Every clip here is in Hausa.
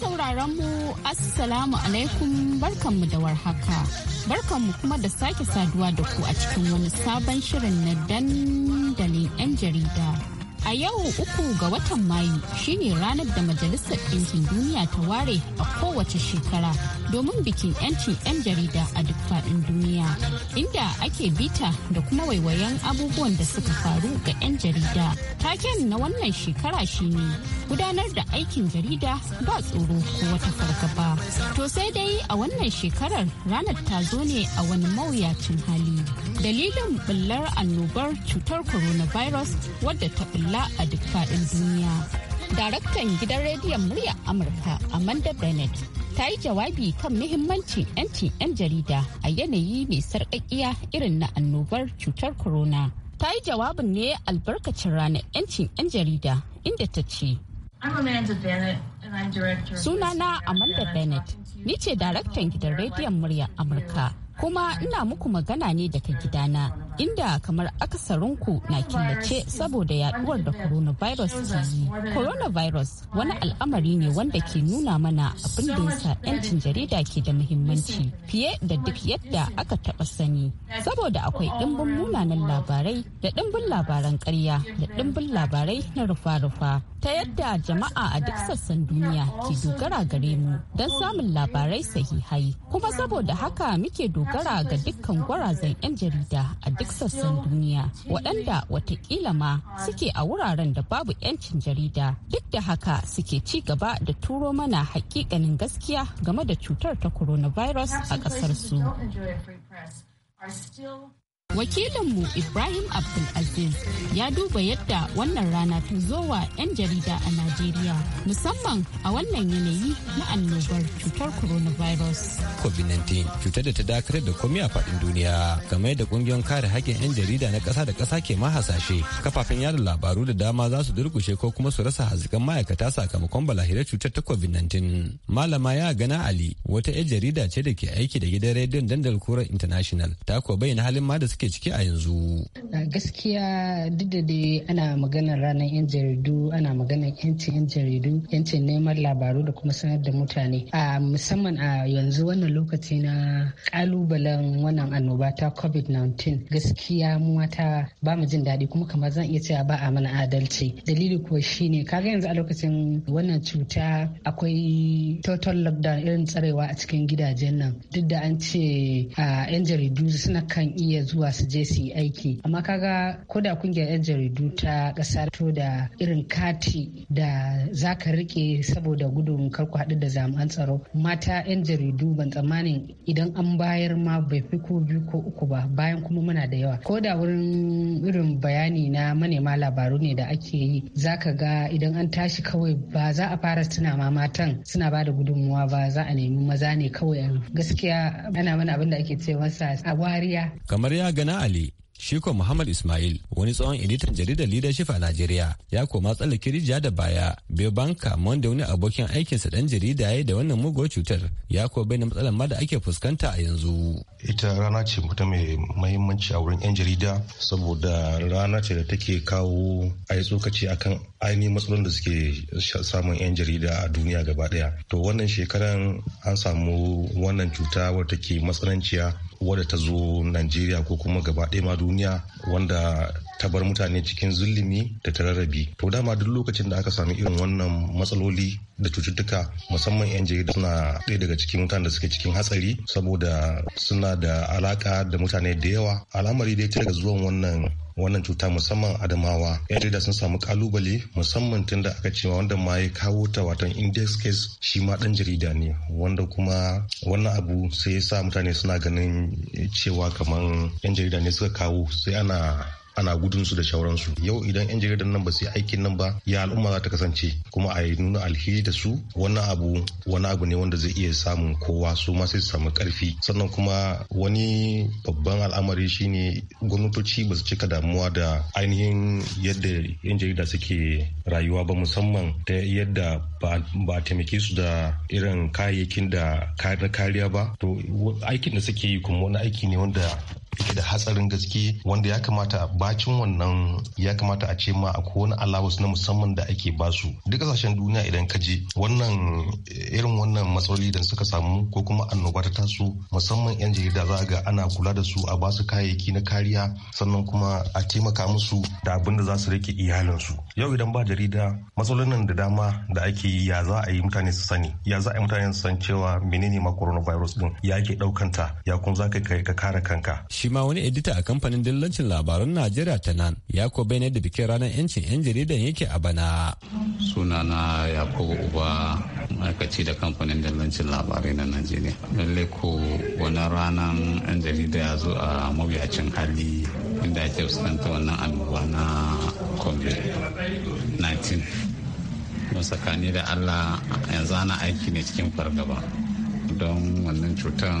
sauraron mu Assalamu alaikum barkanmu da warhaka. Barkanmu kuma da sake saduwa da ku a cikin wani sabon shirin na dandalin 'yan jarida. A yau uku ga watan Mayu shine ranar da Majalisar Ɗinkin Duniya ta ware a kowace shekara domin bikin 'yancin 'yan jarida a duk faɗin duniya inda ake bita da kuma waiwayen abubuwan da suka faru ga 'yan jarida taken na wannan shekara shine gudanar da aikin jarida ba tsoro ko wata fargaba to sai dai a wannan shekarar ranar ta zo ne a wani mawuyacin hali dalilin bullar annobar cutar coronavirus wadda ta bulla a duk faɗin duniya daraktan gidan rediyon murya amurka amanda bennett ta yi jawabi kan muhimmancin 'yancin 'yan jarida a yanayi mai sarƙaƙiya irin na annobar cutar corona. Ta yi jawabin ne albarkacin ranar 'yancin 'yan jarida inda ta ce. Sunana Amanda Bennett, ni ce daraktan gidan rediyon murya Amurka, kuma ina muku magana ne daga gidana. inda kamar ku na killace saboda yaduwar da coronavirus ke yi. Coronavirus wani al'amari ne wanda ke nuna mana abin da yasa 'yancin jarida ke da muhimmanci fiye da duk yadda aka taba sani. Saboda akwai dimbin munanan labarai da dimbin labaran karya da dimbin labarai na rufa-rufa. Ta yadda jama'a a duk sassan duniya ke dogara gare mu don samun labarai sahihai. Kuma saboda haka muke dogara ga dukkan gwarazan 'yan jarida a duk sassan duniya waɗanda watakila ma suke a wuraren da babu 'yancin jarida duk da haka suke ci gaba da turo mana hakikanin gaskiya game da cutar ta coronavirus a ƙasarsu. Wakilinmu Ibrahim Abdulaziz ya duba yadda wannan rana ta zo wa 'yan jarida a Najeriya musamman a wannan yanayi na annobar cutar coronavirus. COVID-19 cutar da ta dakatar da komi a faɗin duniya game da ƙungiyar kare haƙƙin 'yan jarida na ƙasa da ƙasa ke mahasashe kafafen yada labaru da dama za su durkushe ko kuma su rasa hazikan ma'aikata sakamakon balahira cutar ta COVID-19. Malama ya gana Ali wata 'yan jarida ce da ke aiki da gidan rediyon dandal kura international ta ko bayyana halin ma da suke ciki a yanzu. Gaskiya duk da dai ana maganar ranar 'yan jaridu ana maganar 'yancin 'yan jaridu 'yancin neman labaru da kuma sanar da mutane. A musamman a yanzu wannan lokaci na kalubalen wannan annoba ta COVID-19 gaskiya mu mata ba mu jin daɗi kuma kamar zan iya cewa ba a mana adalci. Dalili kuwa shine kaga yanzu a lokacin wannan cuta akwai total lockdown irin tsarewa a cikin gidajen nan duk da an ce 'yan jaridu suna kan iya zuwa su je su yi aiki amma kaga ko da kungiyar 'yan jaridu ta kasar to da irin kati da za ka rike saboda gudun karku haɗu da jami'an tsaro mata 'yan jaridu ban tsammanin idan an bayar ma bai fi ko biyu ko uku ba bayan kuma muna da yawa ko da wurin irin bayani na manema labaru ne da ake yi za ka ga idan an tashi kawai ba za a fara tuna ma matan suna ba da gudunmuwa ba za a nemi maza ne kawai gaskiya ana mana abin da ake ce masa a wariya Gana Ali. Shiko Muhammad Ismail wani tsohon editan jaridar leadership a Najeriya ya koma tsallake rijiya da baya bai banka wanda wani abokin aikinsa dan jarida ya da wannan mugo cutar ya ko bai na matsalar ma da ake fuskanta a yanzu. Ita rana ce mutum mai mahimmanci a wurin 'yan jarida saboda rana ce da take kawo a yi tsokaci akan ainihin matsalolin da suke samun 'yan jarida a duniya gaba daya. To wannan shekaran an samu wannan cuta wadda take matsananciya wadda ta zo Najeriya ko kuma gaba ɗaya ma duniya wanda ta bar mutane cikin zulumi da ta rarrabi. To dama duk lokacin da aka sami irin wannan matsaloli da cututtuka musamman 'yan jarida suna ɗaya daga cikin mutane da suke cikin hatsari saboda suna da alaka da mutane da yawa. Al'amari dai ta daga zuwan wannan wannan cuta musamman adamawa yan jarida sun samu kalubale musamman tun da aka cewa wanda ma ya kawo ta watan index case shi ma dan jarida ne wanda kuma wannan abu sai ya sa mutane suna ganin cewa kamar yan jarida ne suka kawo sai ana ana gudun su da shauransu yau idan yan jaridar nan ba su yi aikin nan ba ya al'umma za ta kasance kuma a yi nuna alheri da su wannan abu wani abu ne wanda zai iya samun kowa su ma sai su samu karfi sannan kuma wani babban al'amari shine gwamnatoci ba su cika damuwa da ainihin yadda yan jarida suke rayuwa ba musamman ta yadda ba a taimake su da irin kayayyakin da kariya ba to aikin da suke yi kuma wani aiki ne wanda yake da hatsarin gaske wanda ya kamata a bacin wannan ya kamata a ce ma akwai wani allowance na musamman da ake su. duk kasashen duniya idan ka je wannan irin wannan matsaloli da suka samu ko kuma annoba ta taso musamman yan jarida za ga ana kula da su a ba su kayayyaki na kariya sannan kuma a taimaka musu da abin da za su rike iyalinsu yau idan ba jarida matsalolin da dama da ake yi ya za a yi mutane su sani ya za a yi mutane su san cewa menene ma coronavirus din ya ke daukanta ya kuma za ka kare kanka shi ma wani edita a kamfanin dillancin labaran najeriya ta nan ya ko ne da bikin ranar yancin yan jaridan yake a bana sunana yakubu uba ma'aikaci da kamfanin dillancin labarai na najeriya lallai ko wani ranar yan jarida ya zo a mawuyacin hali inda ake fuskanta wannan annoba na covid-19 don tsakani da allah yanzu ana aiki ne cikin fargaba don wannan cutar.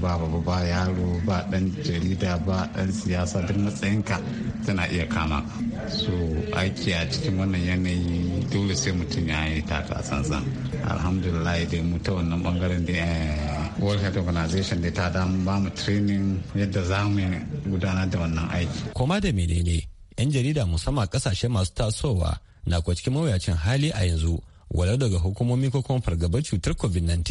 ba baba ba yaro ba dan jarida ba dan siyasa duk matsayinka tana iya kama so aiki a cikin wannan yanayi dole sai mutum ya yi taka sansan alhamdulillah dai mu ta wannan bangaren da eh, World Health Organization da ta damu ba mu training yadda za mu gudanar da wannan aiki. Koma da menene 'yan jarida musamman kasashe masu tasowa na kwa cikin mawuyacin hali a yanzu walau daga hukumomi ko kuma fargabar cutar covid-19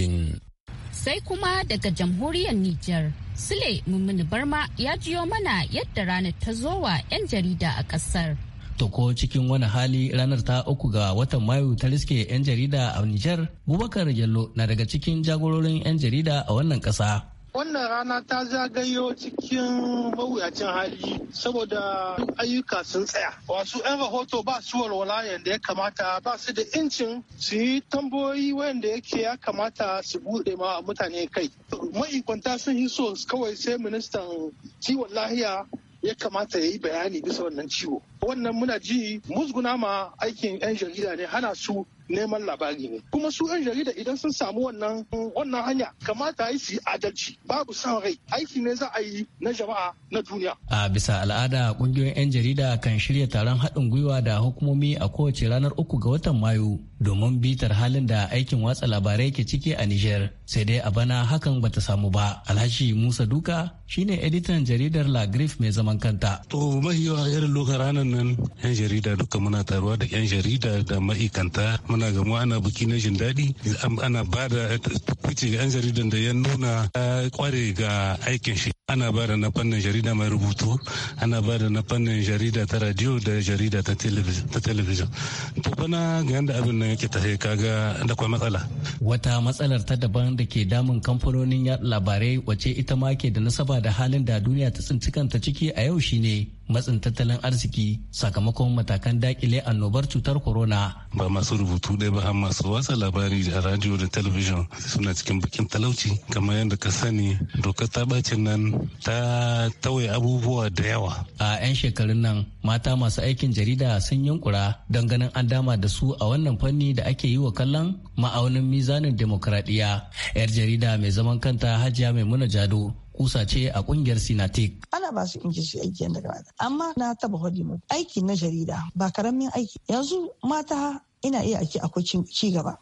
sai kuma daga jamhuriyar Nijar. Sule Mummuni Barma ya jiyo mana yadda ranar ta zo wa 'yan jarida a ƙasar. To ko cikin wani hali ranar ta uku ga watan Mayu ta riske 'yan jarida a Nijar, Bubakar Yallo na daga cikin jagororin 'yan jarida a wannan ƙasa. Wannan rana ta zagayo cikin mawuyacin hali saboda ayyuka sun tsaya. Wasu 'yan rahoto ba su walwala yadda ya kamata ba su da incin su yi tambayoyi wanda yake ya kamata su bude ma mutane kai. Ma'ikwanta sun yi so kawai sai ministan ciwon lahiya ya kamata ya yi bayani bisa wannan ciwo. Wannan muna ji musguna ma aikin 'yan jarida ne hana su neman labari ne kuma su 'yan jarida idan sun samu wannan wannan hanya kamata yi su yi adalci babu son rai aiki ne za a yi na jama'a na duniya a bisa al'ada kungiyoyin 'yan jarida kan shirya taron haɗin gwiwa da hukumomi a kowace ranar uku ga watan mayu domin bitar halin da aikin watsa labarai ke ciki a Nijar. Sai dai a bana hakan bata samu ba. Alhaji Musa Duka shine editan jaridar La Grif mai zaman kanta. To mahiwa irin loka ranar nan yan jarida duka muna taruwa da yan jarida da ma'aikanta muna gamu ana buki na jin daɗi ana ba da kuce ga yan jaridan da ya nuna kware ga aikin shi. ana ba da na fannin jarida mai rubutu ana ba da na fannin jarida ta radio da jarida ta telebijin to bana ga yadda abin nan yake tafe kaga da kwa matsala wata matsalar ta daban da ke damun kamfanonin yaɗa labarai wace ita ma ke da nasaba da halin da duniya ta tsinci kanta ciki a yau shine matsin tattalin arziki sakamakon matakan dakile annobar cutar corona. Ba masu rubutu ɗaya ba har masu wasa labari a radio da talabijin suna cikin bikin talauci kamar yadda ka sani dokar ta bacin nan ta tauye abubuwa da yawa. A 'yan shekarun nan mata masu aikin jarida sun yunkura don ganin an dama da su a wannan fanni da ake yi wa kallon ma'aunin mizanin demokradiyya. 'Yar jarida mai zaman kanta Hajiya Maimuna Jado kusa ce a kungiyar Sinatik. Ana ba su ingilishi aiki yadda kamata. Amma na taba hodi mu aiki na jarida ba karamin aiki. Yanzu mata ina iya ake akwai ci gaba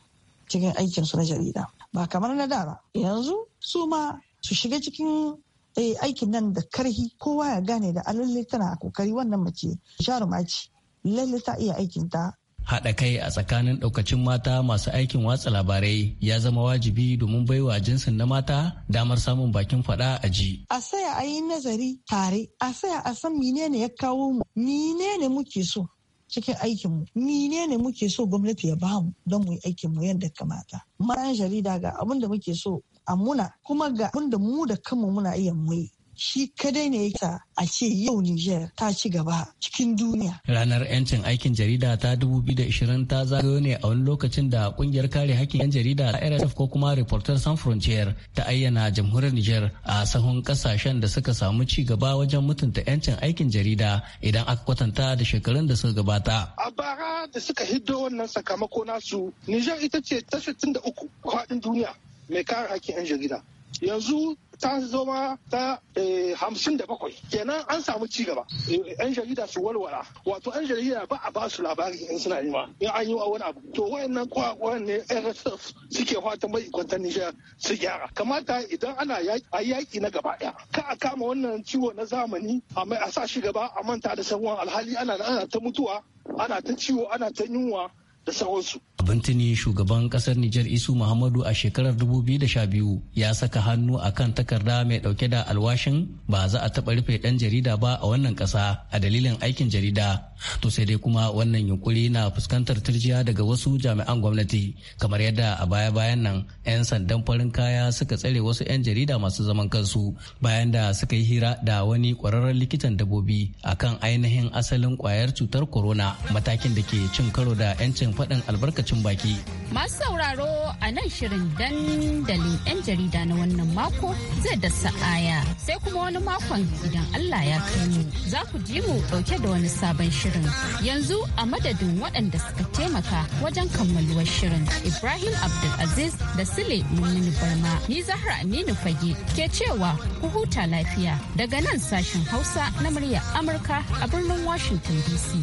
cikin aikin su na jarida. Ba kamar na da ba. Yanzu su ma su shiga cikin eh, aikin nan da karhi kowa ya gane da alalle tana kokari wannan mace sharu maci lalle ta iya aikin ta haɗa kai a tsakanin ɗaukacin mata masu aikin watsa labarai ya zama wajibi domin baiwa jinsin na mata damar samun bakin faɗa a ji. A saya a yi nazari tare, a saya a san menene ya kawo mu, menene muke so cikin aikin aikinmu, menene muke so gwamnati ya bamu don mu yi mu yadda kamata. Ma'an jarida ga abin da muke so a muna kuma ga abin da mu da kanmu muna iya muyi shi kadai ne yake a ce yau Niger ta ci gaba cikin duniya. Ranar 'yancin aikin jarida ta 2020 ta zagayo ne a wani lokacin da kungiyar kare hakkin 'yan jarida ta RSF ko kuma Reporters Sans Frontier ta ayyana jamhuriyar Niger a sahun kasashen da suka samu ci gaba wajen mutunta 'yancin aikin jarida idan aka kwatanta da shekarun da suka gabata. A bara da suka hiddo wannan sakamako nasu Niger ita ce ta 63 faɗin duniya mai kare hakkin 'yan jarida. Yanzu ta zama ta eh, hamsin da bakwai kenan an samu ci gaba eh, yan jarida su walwala wato yan jarida ba a ba su labari in suna yi ma in an yi wa wani abu to wayannan kwakwan ne rsf suke fatan mai kwantar nijar su gyara kamata idan ana a yaki na gaba ɗaya. ka a kama wannan ciwo na zamani a sa shi gaba a manta da sabuwar alhali ana ta mutuwa ana ta ciwo ana ta yunwa da sauransu. Abin tuni shugaban kasar Nijar Isu Muhammadu a shekarar 2012 ya saka hannu a kan takarda mai dauke da alwashin ba za a taɓa rufe ɗan jarida ba a wannan ƙasa a dalilin aikin jarida. To sai dai kuma wannan yunkuri na fuskantar turjiya daga wasu jami'an gwamnati kamar yadda a baya-bayan nan 'yan sandan farin kaya suka tsare wasu 'yan jarida masu zaman kansu bayan da suka yi hira da wani ƙwararren likitan dabbobi akan ainihin asalin ƙwayar cutar corona matakin da ke cin karo da 'yancin faɗin albarkacin baki. Masu sauraro a nan shirin dandalin 'yan jarida na wannan mako zai da sa'aya sai kuma wani makon idan Allah ya kai mu za ku ji mu ɗauke da wani sabon shirin. Yanzu a madadin waɗanda suka taimaka wajen kammaluwar shirin Ibrahim Abdulaziz da Sule muminu Barma ni Zahra Aminu Fage ke cewa ku huta lafiya daga nan sashen Hausa na murya Amurka a birnin Washington DC.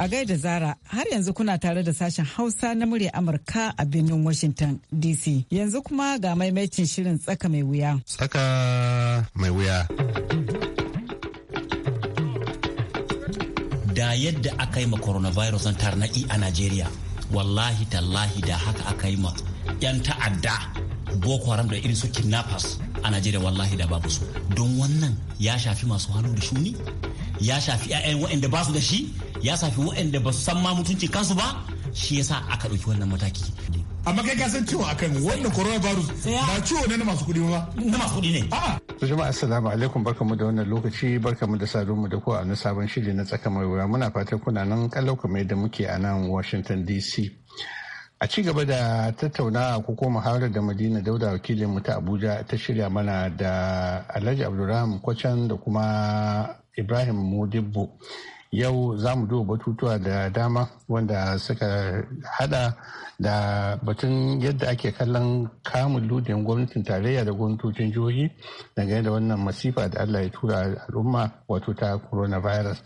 a gaida zara har yanzu kuna tare da sashen hausa na murya amurka a birnin washington dc yanzu kuma ga maimacin shirin tsaka mai wuya tsaka mai wuya da yadda aka yi ma coronavirus na tarnaki a najeriya wallahi tallahi da haka aka yi ma 'yan ta'adda boko haram da irin su kidnappers a najeriya wallahi da babu su don wannan ya shafi masu hannu da shuni ya shafi 'ya'yan waɗanda ba su da shi ya safi waɗanda ba su san ma mutunci kansu ba shi yasa aka ɗauki wannan mataki amma kai ka san cewa akan wannan coronavirus ba ciwo ne na masu kuɗi ba na masu kuɗi ne jama'a assalamu alaikum barkamu da wannan lokaci barkamu da sadunmu da kowa na sabon shiri na tsaka mai wuya muna fatan kuna nan kallon kamar yadda muke a nan Washington DC a ci gaba da tattaunawa ko kuma muhawarar da madina dauda wakilin mu ta abuja ta shirya mana da alhaji abdulrahman kwacan da kuma ibrahim Modibbo. yau za mu duba batutuwa da dama wanda suka hada da batun yadda ake kallon kamun ludin gwamnatin tarayya da gwamnatocin jihohi dangane da wannan masifa da allah ya tura al'umma wato ta coronavirus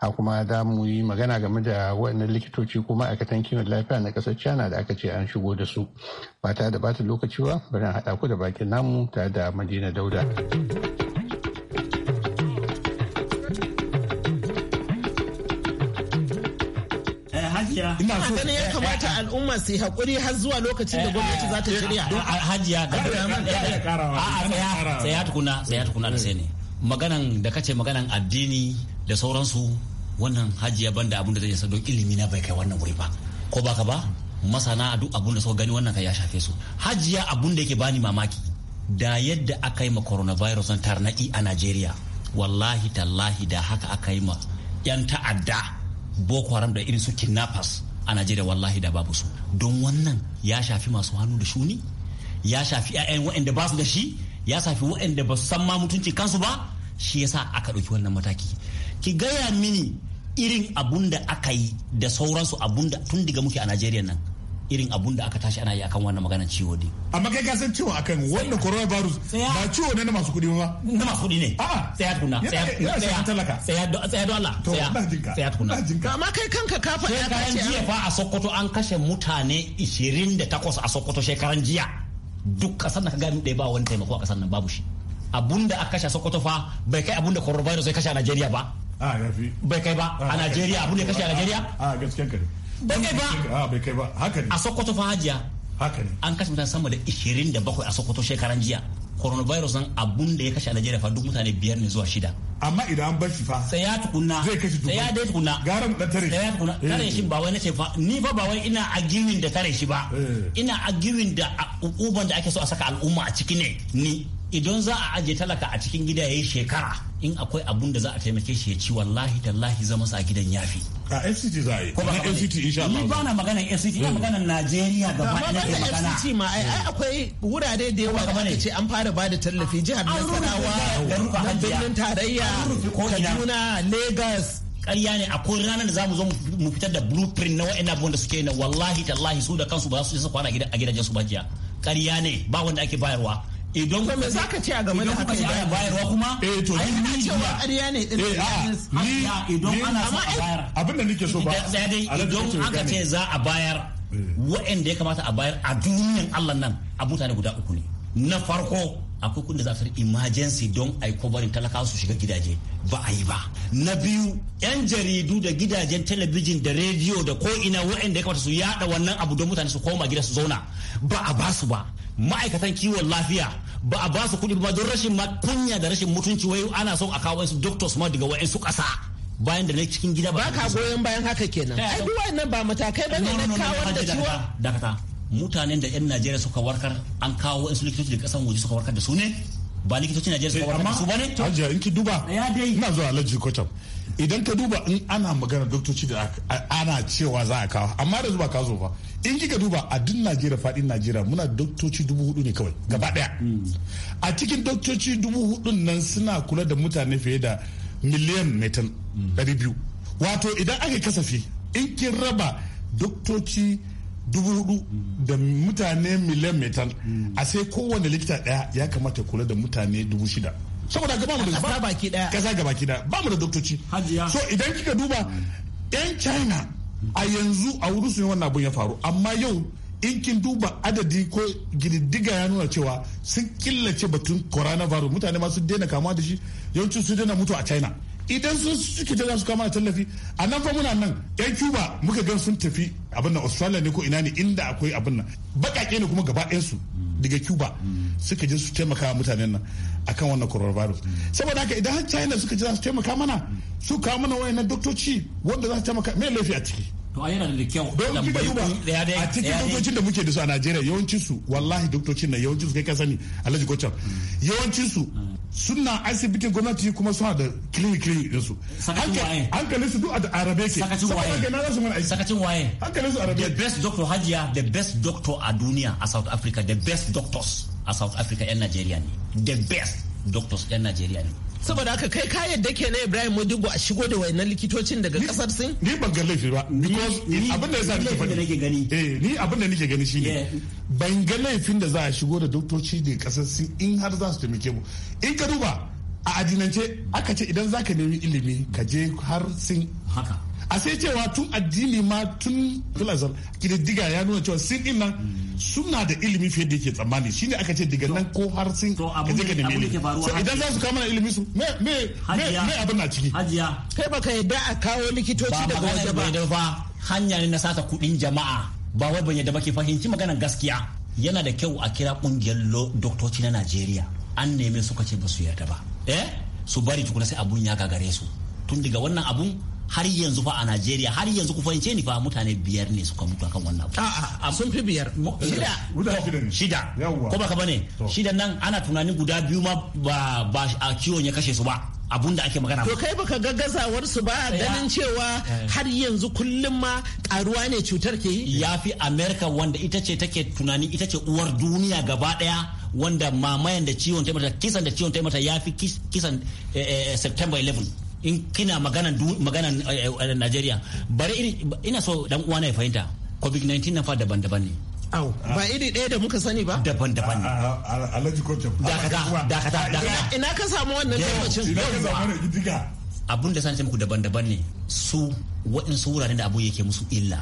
a kuma za mu yi magana game da waɗannan likitoci ko ma'aikatan kiwon lafiya na ƙasar china da aka ce an shigo da su ba da bata lokaci ba bari haɗa ku da bakin namu tare da madina dauda. gaskiya ina so ne ya kamata al'umma su hakuri har zuwa lokacin da gwamnati za ta shirya hajiya da a tsaya tsaya tukuna tsaya tukuna da sai ne maganan da kace maganan addini da sauransu wannan hajiya banda abin da zai yasa don ilimi na bai kai wannan wuri ba ko baka ba masana a duk abun da suka gani wannan kai ya shafe su hajiya abun da yake bani mamaki da yadda aka yi ma coronavirus na tarnaki a Najeriya wallahi tallahi da haka aka yi ma yan ta'adda boko haram da irin su kidnappers a najeriya wallahi da babu su don wannan ya shafi masu hannu da shuni ya shafi 'ya'yan waɗanda ba su da shi ya shafi waɗanda ba su san ma mutunci kansu ba shi yasa aka ɗauki wannan mataki ki gaya mini irin abun da aka yi da sauransu abun da tun daga muke a najeriya nan irin abun da aka tashi ana yi akan wannan magana ciwo din amma kai ka san cewa akan wannan coronavirus ba ciwo ne na masu kudi ba na masu kudi ne Sai ya tukuna tsaya tsaya tsaya tsaya don Allah Sai ya tukuna amma kai kanka ka faɗa ka ce jiya fa a Sokoto an kashe mutane 28 a Sokoto shekaran jiya duk kasan da ka gani ɗaya ba wani taimako a kasan nan babu shi Abun da aka kashe Sokoto fa bai kai abun abunda coronavirus ya kashe a Najeriya ba bai kai ba a Najeriya abunda ya kashe a Najeriya a gaskiyar Ah, bai kai ba haka ne a sokoto fa hajiya haka ne an kashe mutane sama da 27 a sokoto shekaran jiya coronavirus nan abun da ya kashe a Najeriya fa duk mutane biyar ne zuwa shida amma idan an bar shi fa sai ya tukunna zai kashe dubu sai ya dai tukunna gara mu dan tare sai ya tukunna tare shi eh. ba wai nace fa ni fa ba wai ina agirin da tare shi ba eh. ina a giwin da ukuban da ake so a saka al'umma a ciki ne ni idan za a ajiye talaka a cikin gida ya yi shekara in akwai abun da za a taimake shi ya ci wallahi tallahi zama sa gidan yafi a fct za a yi kuma fct insha Allah ni ba na magana fct ina magana hmm. Najeriya gaba ɗaya ke magana fct ma ai akwai wurare da yawa da aka ce an fara ba da tallafi jihar Nasarawa na birnin tarayya Kaduna Lagos ƙarya ne akwai ranar da za mu zo mu fitar da blueprint na wa'in abubuwan da suke na wallahi tallahi su da kansu ba su isa kwana a gidajen su ba jiya ƙarya ne ba wanda ake bayarwa idan kuma za ka ce a game da haka ya bayarwa kuma eh to ni ni cewa ariya ne din eh, ah, ni idan ana so a bayar abin da nake so ba idan aka ce za a bayar eh. wa'anda ya kamata a bayar a duniyan Allah nan a mutane guda uku ne na farko akwai kudin da za su emergency don a yi kobarin talakawa su shiga gidaje ba a yi ba na biyu yan jaridu da gidajen talabijin da rediyo da ko ina wa'anda ya kamata su yada wannan abu don mutane su koma gida su zauna ba a basu ba ma'aikatan kiwon lafiya ba a ba su kuɗi ba don rashin kunya da rashin mutunci wai ana son a kawo su doctors ma daga wa'ansu ƙasa bayan da na cikin gida ba ka goyon bayan haka kenan eh. ai duk wannan ba matakai ba ne na kawar da ciwon dakata mutanen da yan Najeriya suka warkar an kawo wa'ansu likitoci da kasan waje suka warkar da su ne ba likitocin Najeriya suka eh, warkar su bane to hajiya in ki duba ina zuwa alaji kotam idan ka duba in ana magana doktoci da ana cewa za a kawo amma da zuba ka zo ba in kika duba a duk Najeriya fadin Najeriya muna doktoci dubu hudu ne kawai gaba daya hmm. a cikin doktoci dubu hudu nan suna kula da mutane fiye da miliyan metan hmm. ɗari biyu wato idan aka kasafi in kin raba doktoci dubu hudu mm. da mutane miliyan metan mm. a sai kowane likita daya ya kamata kula da mutane dubu shida saboda ga bamu da kasa gabaki daya ba mu da doktoci so idan kika duba yan china a yanzu a wurin su ne wannan abun ya faru amma yau in kin duba adadi ko gididdiga ya nuna cewa sun killace batun coronavirus mutane ma sun daina kamuwa da shi yawancin sun daina mutu a china idan sun suke da su kama tallafi a nan fa muna nan yan cuba muka gan sun tafi abin nan australia ne ko ina ne inda akwai abin nan bakake ne kuma gaba su daga cuba suka je su taimaka mutanen nan akan wannan coronavirus saboda haka idan har china suka je za su taimaka mana su kawo mana wayannan doktoci wanda za su taimaka mai laifi a ciki to ai yana da kyau don kika duba a cikin doktocin da muke da su a Najeriya yawancin su wallahi doktocin nan yawancin su kai ka sani Alhaji Gochar yawancin su suna asibitin gwamnati kuma suna da clinic clinic din su hankalin su duk a arabe ke sakacin waye sakacin waye hankalin su arabe the best doctor hajiya the best doctor a duniya a South Africa the best doctors a South Africa yan Najeriya ne the best doctors yan Najeriya ne saboda haka kai ka yadda ke na ibrahim modigo a shigo da wayannan likitocin daga kasar sin ni ban ga laifi ba abin da nake gani eh ni abin da nake gani shine ban ga laifin da za a shigo da doktoci da kasar sin in har za su taimake mu in ka duba a adinance aka ce idan za ka nemi ilimi ka je har sin haka a sai cewa tun addini ma tun filazar kididdiga ya nuna cewa sin ina suna da ilimi fiye da yake tsammani shine aka ce diga nan ko har sin ka je ka nemi ilimi idan za su kama ilimi su me me me abin na ciki hajiya kai baka yadda a kawo likitoci daga waje ba hanya ne na sata kudin jama'a ba wai ban yadda ba ke fahimci maganar gaskiya yana da kyau a kira kungiyar doktoci na Najeriya an neme suka ce ba su yarda ba eh su bari tukuna sai abun ya gagare su tun daga wannan abun har yanzu fa a Najeriya har yanzu ku fahimce ni fa mutane biyar ne suka mutu akan wannan a'a sun fi biyar shida shida ko baka bane shida nan ana tunanin guda biyu ma ba ba a ciwon ya kashe su ba abun da ake magana to kai baka ga gazawar su ba ganin cewa eh. har yanzu kullum ma karuwa ne cutar ke yi yafi America wanda ita ce take tunani ita ce uwar duniya gaba daya wanda mamayan da ciwon taimata kisan da ciwon taimata yafi kisan eh, eh, September 11 in kina maganan maganan eh, eh, eh, Najeriya bari ina so dan uwana ya fahimta covid-19 na fa daban-daban ne Au, ba iri ɗaya da muka sani ba? Daban-daban ne. Alhaji Kocin. Dakata, dakata, dakata. Ina ka samu wannan tabbacin? Ina ka samu wannan gidiga. Abun da sani muku daban-daban ne. Su waɗansu wuraren da abu yake musu illa.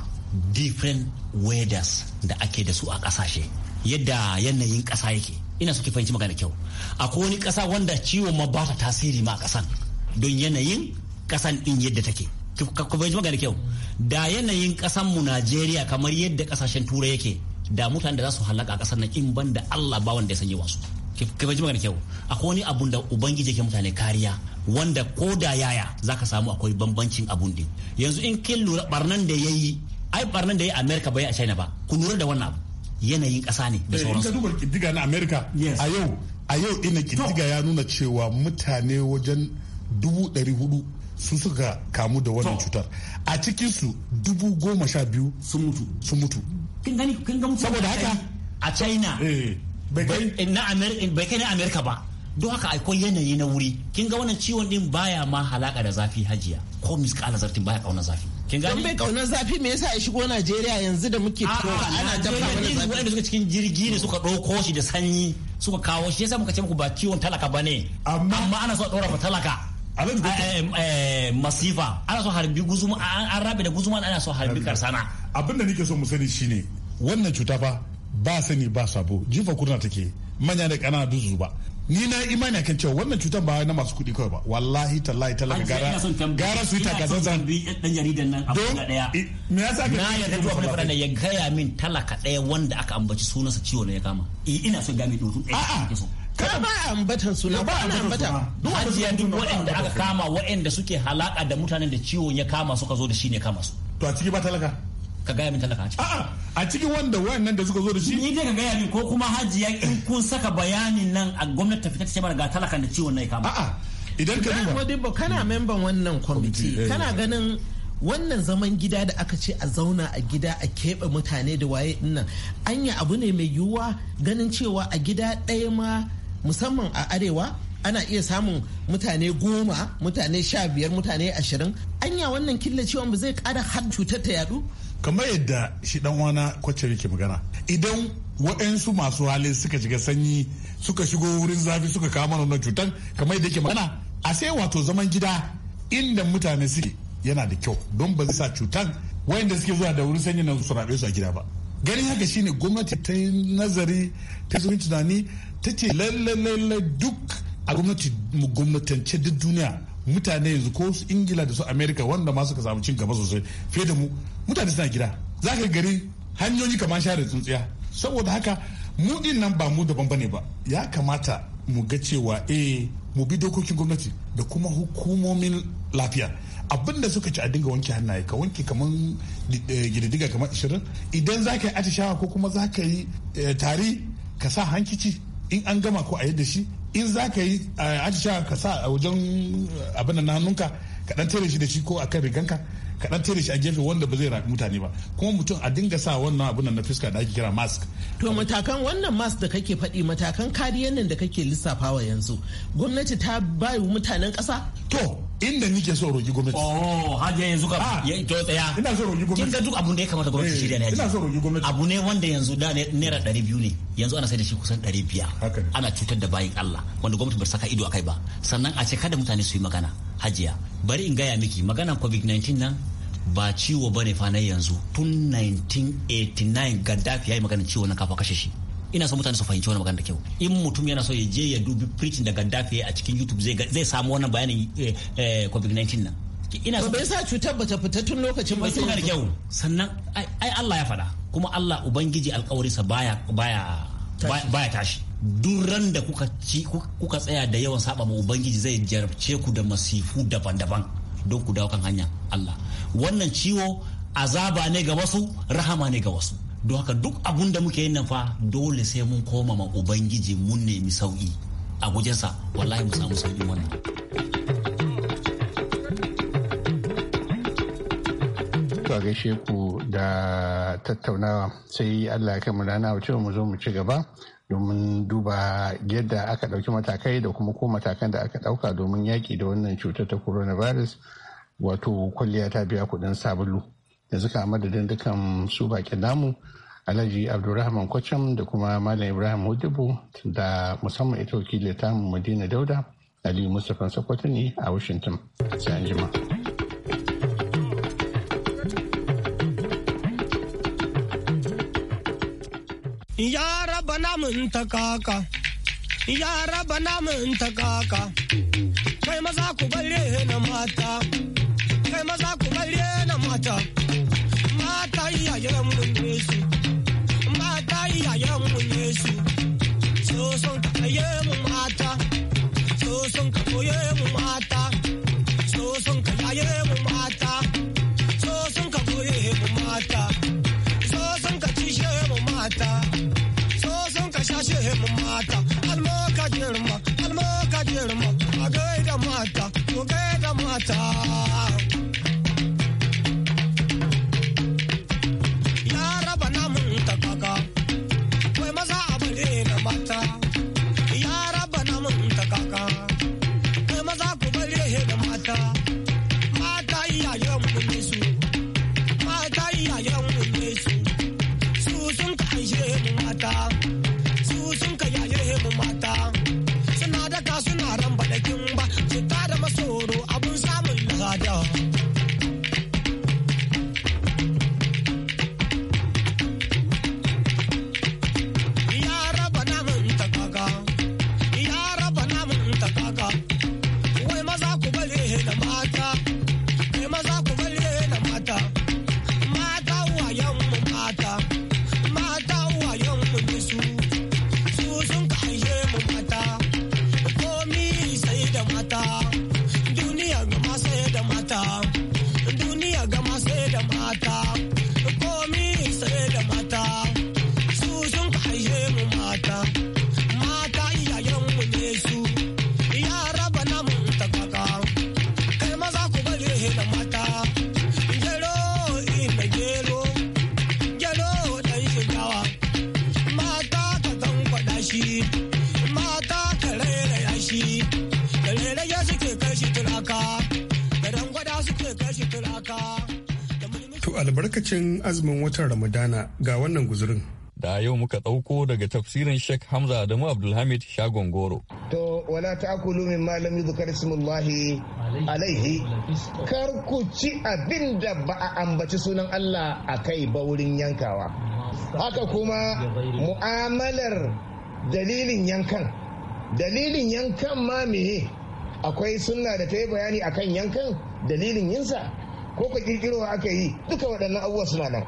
Different weathers da ake da su a ƙasashe. Yadda yanayin ƙasa yake. Ina so fahimci magana kyau. Akwai wani ƙasa wanda ciwon ma ba ta tasiri ma a ƙasan. don yanayin kasan din yadda take ku bai magana kyau da yanayin kasan mu Najeriya kamar yadda kasashen turai yake da mutanen da za su halaka kasar nan in ban da Allah ba wanda ya sanya wasu ka ji magana kyau akwai wani abun da ubangiji ke mutane kariya wanda ko da yaya zaka samu akwai bambancin abun din yanzu in kin lura barnan da yayi ai barnan da yayi America bai a China ba ku lura da wannan abu yanayin kasa ne da eh, sauransu ka duba kiddiga na America a yau a yau ina kiddiga ya nuna cewa mutane wajen dubu ɗari hudu su suka kamu da wannan cutar a cikinsu dubu goma sha biyu sun mutu sun mutu saboda haka a china eh, bai kai na amerika ba don haka akwai yanayi na wuri kin ga wannan ciwon din baya ma halaka da zafi hajiya ko miskala zartin baya kauna zafi kin gani bai kauna zafi me yasa ya shigo Najeriya yanzu da muke fito ana dafa wani zafi wanda suka cikin jirgi ne suka dauko shi da sanyi suka kawo shi yasa muka ce muku ba ciwon talaka bane amma ana so a dora talaka Ah, eh, eh, masifa ana so harbi guzuma an rabe da guzuma ana so harbi karsana abin da nake so mu sani shine wannan cuta fa ba sani ba sabo jifa kurna take manya da kanana duzu ba ni na imani kan cewa wannan cutar ba na masu kudi kawai ba wallahi tallahi tallahi gara gara su yi bi dan jaridan nan abu da daya me yasa ka na yadda zuwa wani fara ya gaya min talaka daya wanda aka ambaci sunansa ciwo ne ya kama ina so ga mai a a kada ba a ambatan suna ba a ambata hajiya duk waɗanda aka kama waɗanda suke halaƙa da mutanen da ciwon ya kama suka zo da shi ne kama su to a ciki ba talaka ka gaya min talaka a ciki a cikin wanda wayannan da suka zo da shi ni dai ka gaya min ko kuma hajiya in kun saka bayanin nan a gwamnati ta fita ta ce mana ga talakan da ciwon na ya kama a'a idan ka duba kana memban wannan kwamiti eh. kana ganin wannan zaman gida da aka ce a zauna a gida a keɓe mutane da waye dinnan anya abu ne mai yiwuwa ganin cewa a gida ɗaya ma musamman a arewa ana iya samun mutane goma mutane sha biyar mutane ashirin anya wannan killacewan ba zai kara har cutar ta yadu kamar yadda shi dan wana kwacce yake magana idan waɗansu masu hali suka shiga sanyi suka shigo wurin zafi suka kawo mana wannan cutar kamar yadda yake magana a sai wato zaman gida inda mutane suke yana da kyau don ba zai sa cutar wayanda suke zuwa da wurin sanyi nan su rabe su a gida ba ganin haka shine gwamnati ta yi nazari ta yi tunani ta ce lalle lalle duk a gwamnati gwamnatance duk duniya mutane yanzu ko su ingila da su america wanda ma suka samu cin gaba sosai fiye da mu mutane suna gida za ka gari hanyoyi kamar share tsuntsiya saboda haka mu din nan ba mu daban bane ba ya kamata mu ga cewa eh mu bi dokokin gwamnati da kuma hukumomin lafiya abin da suka ci a dinga wanke hannaye ka wanke kamar eh, gididdiga kamar 20 idan za ka yi atishawa ko kuma za ka yi eh, tari ka sa hankici in an gama ko a yadda shi in za ka yi atisha ka sa a wajen abin na hannunka ka dan tere shi da shi ko a kan riganka ka dan tere shi a gefe wanda ba zai rafi mutane ba kuma mutum a dinga sa wannan abin na fuska da ake kira mask to matakan wannan mask da kake faɗi matakan kariyan nan da kake lissafawa yanzu gwamnati ta bayu mutanen ƙasa to inda nike so roki gwamnati. Oh, har yanzu ka ah. ya to tsaya. Ina so roki gwamnati. Kin ga duk abun da ya kamata gwamnati eh, shirya ne. Ina so roki gwamnati. Abu ne wanda yanzu da naira ɗari biyu ne. Yanzu ana sai da shi kusan 500. biyar. Ana cutar da bayin Allah wanda gwamnati bai saka ido a ba. Sannan a ce kada mutane su yi magana. Hajiya, bari in gaya miki magana COVID-19 nan ba ciwo bane fa na yanzu tun 1989 Gaddafi ya yi magana ciwo na kafa kashe shi. ina son mutane su fahimci wani magana da kyau in mutum yana so ya je ya dubi preaching daga gaddafi a cikin youtube zai samu wannan bayanin eh, eh, covid-19 nan ina so sa cutar bata fita tun lokacin ba sai kyau sannan ai Allah ya faɗa kuma Allah ubangiji sa baya baya baya tashi duran da kuka ci kuka tsaya da yawan saba ma ubangiji zai jarabce ku da masifu daban-daban don ku dawo kan hanya Allah wannan ciwo azaba ne ga wasu rahama ne ga wasu don haka duk abun da muke yin nan fa dole sai mun koma ma ubangiji mun nemi sauki a gujensa wallahi mu samu sauki wannan a gaishe ku da tattaunawa sai allah ya kai mu rana wace mu zo mu ci gaba domin duba yadda aka ɗauki matakai da kuma ko matakan da aka ɗauka domin yaki da wannan cutar ta coronavirus wato kwalliya ta biya kuɗin sabulu da suka madadin dukkan su bakin namu alhaji abdulrahman kwacham da kuma malam ibrahim hudubu da musamman ita wakilin tamu madina dauda aliyu mustapha sokoto ne a washington sai jima Ya raba namun ta ya raba namun ta kaka, maza ku bare na mata, kai maza ku bare na mata. iya ya mun yesu mata iya ya mun yesu so son ka mun mata so son ka koye mun mata ka mun mata ka koye mun mata ka tishe mun mata so son mun mata alma ka ka a mata ko da mata albarkacin azumin watan ramadana ga wannan guzurin da yau muka ɗauko daga tafsirin Sheikh Hamza Adamu Abdulhamid Shagon Goro. To, wala takulu min malam yi ismullahi alaihi, kar ku ci abin da ba a ambaci sunan Allah a kai ba wurin yankawa. Haka kuma mu'amalar dalilin yankan. Dalilin yankan ma meye? Akwai sunna da ta yi bayani akan yankan dalilin yinsa? ko ka kirkiro aka yi duka waɗannan abubuwa suna nan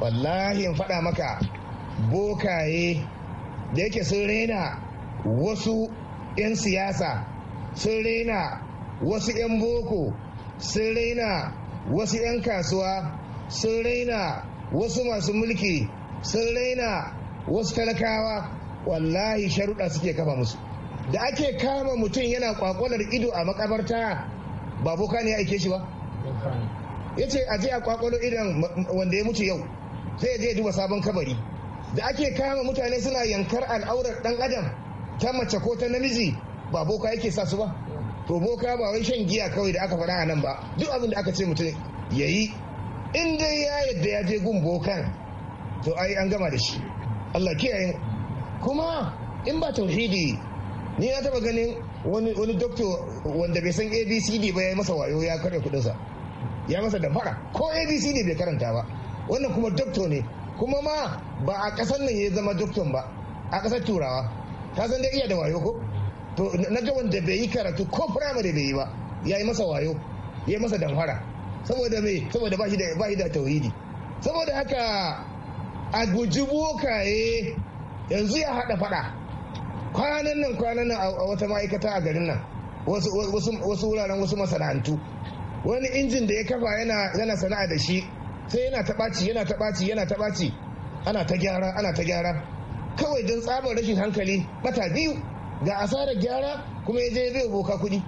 wallahi in faɗa maka bokaye da yake sun raina wasu 'yan siyasa sun raina wasu 'yan boko sun raina wasu 'yan kasuwa sun raina wasu masu mulki sun raina wasu talakawa wallahi sharuɗa suke kafa musu da ake kama mutum yana kwakwalar ido a makabarta ba boka ne ya aike shi ba yace ce a je a kwakwalo idan wanda ya mutu yau sai je duba sabon kabari da ake kama mutane suna yankar al'aurar dan adam ta mace ko ta namiji ba boka yake sa su ba to boka ba wai shan giya kawai da aka faɗa a nan ba duk abin da aka ce mutum ya yi in dai ya yadda ya je gun bokan to ai an gama da shi Allah kiyaye kuma in ba tauhidi ni na taba ganin wani doktor wanda bai san abcd ba ya yi masa wayo ya karya kudinsa ya masa da fara ko abc ne bai karanta ba wannan kuma dokto ne kuma ma ba a kasar nan ya zama dokton ba a kasar turawa ta san dai iya da wayo ko to na ga wanda bai yi karatu ko firamare bai yi ba ya yi masa wayo ya yi masa damfara saboda me saboda ba shi da ba tauhidi saboda haka a guji bokaye yanzu ya haɗa fada kwanan nan kwanan nan a wata ma'aikata a garin nan wasu wuraren wasu masana'antu wani injin da ya kafa yana sana'a da shi sai yana ta ɓaci yana ta ɓaci yana ta ɓaci ana ta gyara ana ta gyara kawai don tsabar rashin hankali bata biyu ga asarar gyara kuma ya je zai boka kuɗi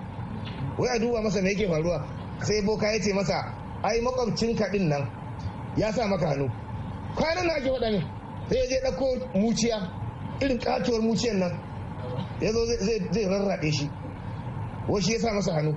wai a duba masa me yake faruwa sai boka ya ce masa ai makwabcin kaɗin nan ya sa maka hannu kwanan na ake faɗa ne sai ya je ɗauko muciya irin katuwar muciyar nan ya zo zai rarraɗe shi wasu ya sa masa hannu